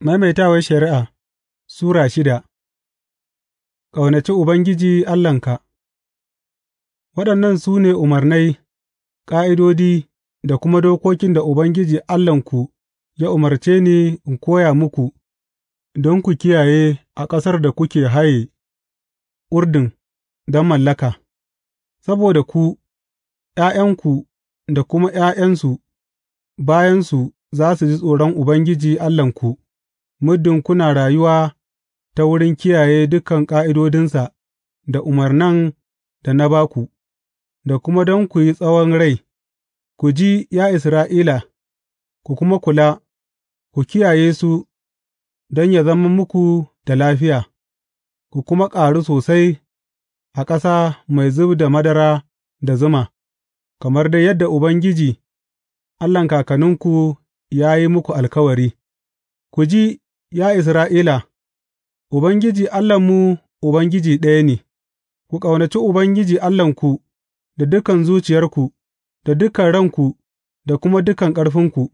Maimaitawar Shari'a Sura shida Ƙaunaci Ubangiji Allahnka Waɗannan su ne umarnai, ƙa'idodi da kuma dokokin da Ubangiji Allahnku ya umarce ni in koya muku don ku kiyaye a ƙasar da kuke haye Urdun don mallaka, saboda ku, ’ya'yanku da kuma ’ya'yansu bayansu za su ji tsoron Ubangiji Allahnku. muddin kuna rayuwa ta wurin kiyaye dukan ƙa'idodinsa da umarnan da na ba ku, da kuma don ku yi tsawon rai, ku ji, ya Isra'ila, ku kuma kula, ku kiyaye su don yă zama muku da lafiya, ku kuma ƙaru sosai a ƙasa mai zub da madara da zuma, kamar dai yadda Ubangiji, Allahn kakanninku ya yi muku alkawari, ku ji Ya Isra'ila, Ubangiji Allahnmu Ubangiji ɗaya ne; ku ƙaunaci Ubangiji Allahnku da dukan zuciyarku, da dukan ranku, da kuma dukan ƙarfinku,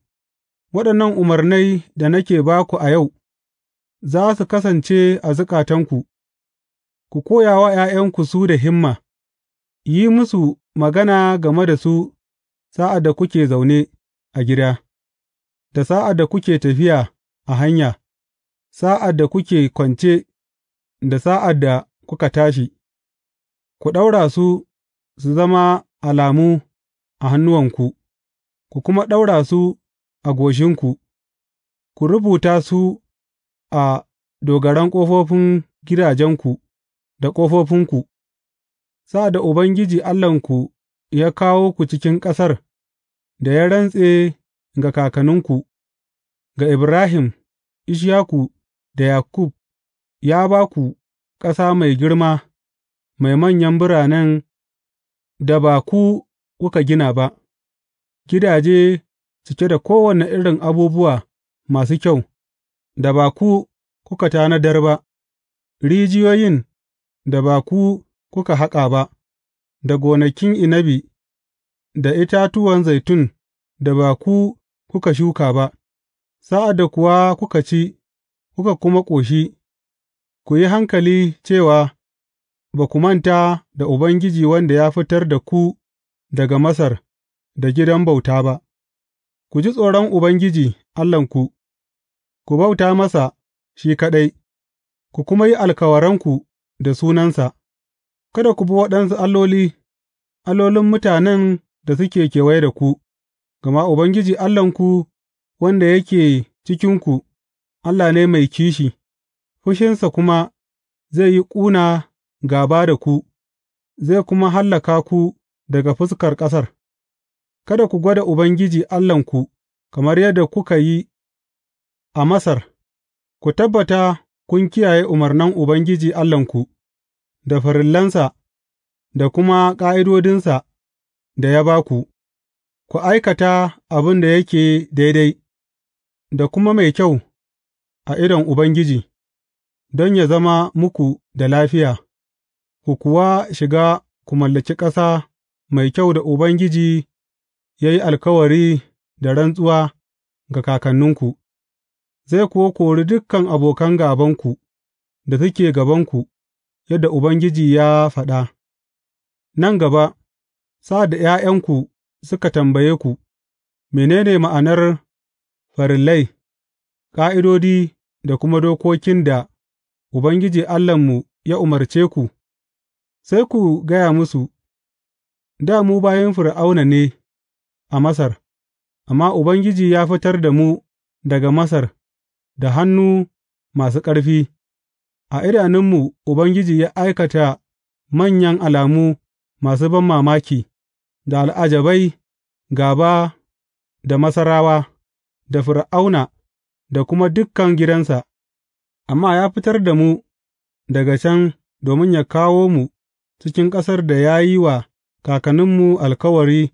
waɗannan umarnai da nake ba ku a yau, za su kasance a zukatanku, ku koya wa ’ya'yanku su da himma, yi musu magana game da su sa'ad da kuke zaune a gida, da sa'ad da kuke tafiya a hanya. sa'ad da kuke kwance da sa'ad da kuka tashi, ku ɗaura su su zama alamu a hannuwanku, ku kuma ɗaura su a goshinku, ku rubuta su a dogaran ƙofofin gidajenku da ƙofofinku, sa'ad da Ubangiji Allahnku ya kawo ku cikin ƙasar da ya rantse ga kakanninku, ga Ibrahim, Ishaku. da Yaƙub, ya ba ku ƙasa mai girma mai manyan biranen da ba ku kuka gina ba, gidaje cike da kowane irin abubuwa masu kyau, da ba ku kuka tanadar ba, rijiyoyin da ba ku kuka haƙa ba, da gonakin inabi, da itatuwan zaitun da ba ku kuka shuka ba, sa'ad da kuwa kuka ci. kuka kuma ƙoshi, ku yi hankali cewa ba ku manta da Ubangiji wanda ya fitar da ku daga Masar da gidan bauta ba, ku ji tsoron Ubangiji Allahnku, ku bauta masa shi kaɗai, ku kuma yi alkawaranku da sunansa, kada ku bi waɗansu alloli, allolin mutanen da suke kewaye da ku, gama Ubangiji Allahnku wanda yake cikinku. Allah ne mai kishi, fushinsa kuma zai yi ƙuna gāba da ku, zai kuma hallaka ku daga fuskar ƙasar. Kada ku gwada Ubangiji Allahnku kamar yadda kuka yi a Masar, ku tabbata kun kiyaye umarnan Ubangiji Allahnku, da farillansa, da kuma ƙa'idodinsa da ya ba ku, ku aikata abin da yake daidai, da kuma mai kyau. a idon Ubangiji, don yă zama muku da lafiya, ku kuwa shiga ku mallaki ƙasa mai kyau da Ubangiji ya yi alkawari da rantsuwa ga kakanninku, zai kuwa kori dukan abokan gabanku da suke gabanku, yadda Ubangiji ya faɗa, nan gaba, sa da ’ya'yanku suka tambaye ku, menene ne ma'anar farillai? ƙa'idodi da kuma dokokin da Ubangiji Allahnmu ya umarce ku, sai ku gaya musu, da mu bayan Fir'auna ne a Masar, amma Ubangiji ya fitar da mu daga Masar da hannu masu ƙarfi, a idanunmu Ubangiji ya aikata manyan alamu masu ban mamaki, da al'ajabai, gaba, da Masarawa, da Fir'auna da kuma dukan gidansa, amma ya fitar da mu daga can domin ya kawo mu cikin ƙasar da ya yi wa kakanninmu alkawari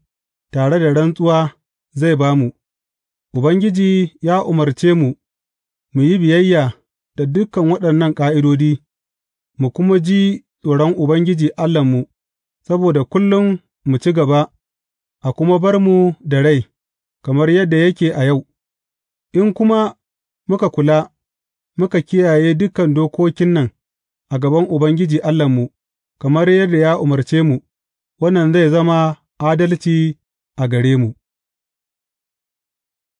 tare da rantsuwa zai ba mu, Ubangiji ya umarce mu mu yi biyayya da dukan waɗannan ƙa'idodi, mu kuma ji tsoron Ubangiji Allahnmu, saboda kullum mu ci gaba, a kuma bar mu da rai, kamar yadda yake a yau, in kuma muka kula, muka kiyaye dukan dokokin nan a gaban Ubangiji Allahnmu, kamar yadda ya umarce mu, wannan zai zama adalci a gare mu.